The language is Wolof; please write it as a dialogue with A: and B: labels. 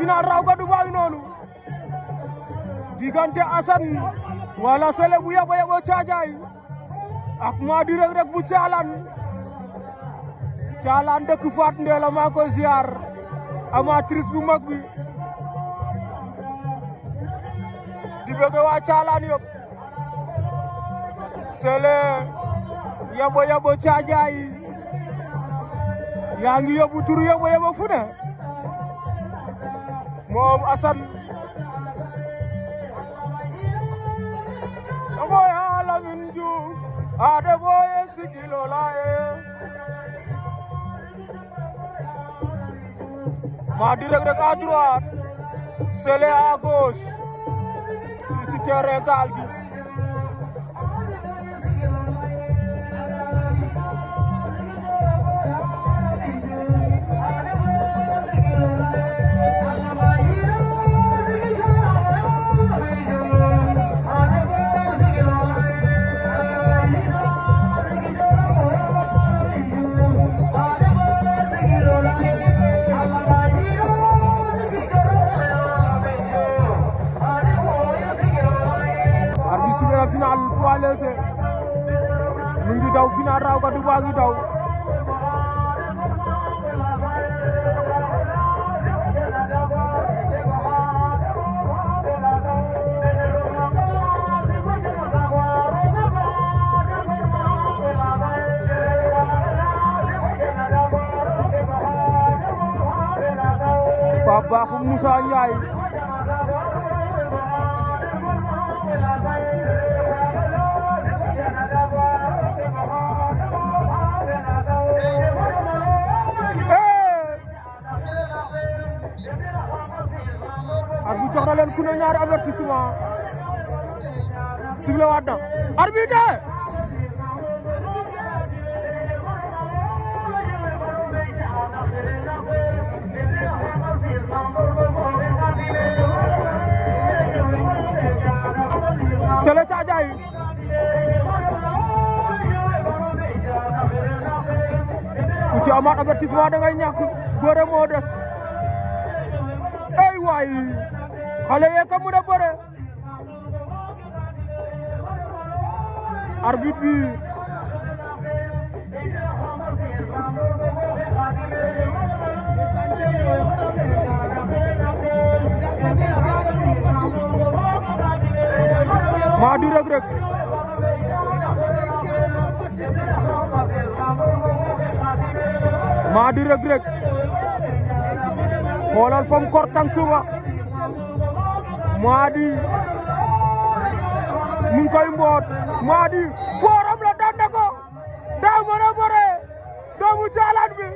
A: final raw
B: gadu baa ngi noonu diggante Assane wala Sele bu yabo yabo caajaay ak Mady Reug Reug bu caalaan caalaan dëkk Faat Ndeela maa koy ziar amatrice bu mag bi di bëgg waa caalaan yëpp Sele yabo yabo caajaay yaa ngi yóbbu turu yabo yabo fu ne moom Assane oxoy a Lamin Diouf a deɓoye sigilo laye Mady Reug Reug à droite Sélé à gauche sur terrain Gaal gi final final alpo alese mu ngi daw final raw ka du baa ngi daw Pape Bakhoum Moussa Ndiaye ar bi jox na leen ku ne ñaari avertissement sible waat na arbitre Sélé Caajaay ku ci amaat avertissement da ngay ñàkk bëre moo des ay waay xale yee ka mën a bëre arbitre bi Maadu Reug Reug Maadu Reug Reug xoolal fam kor tànk ba Maadu mu ngi koy mboot Maadu fooram la daan ko daa mën a doomu jaalaan bi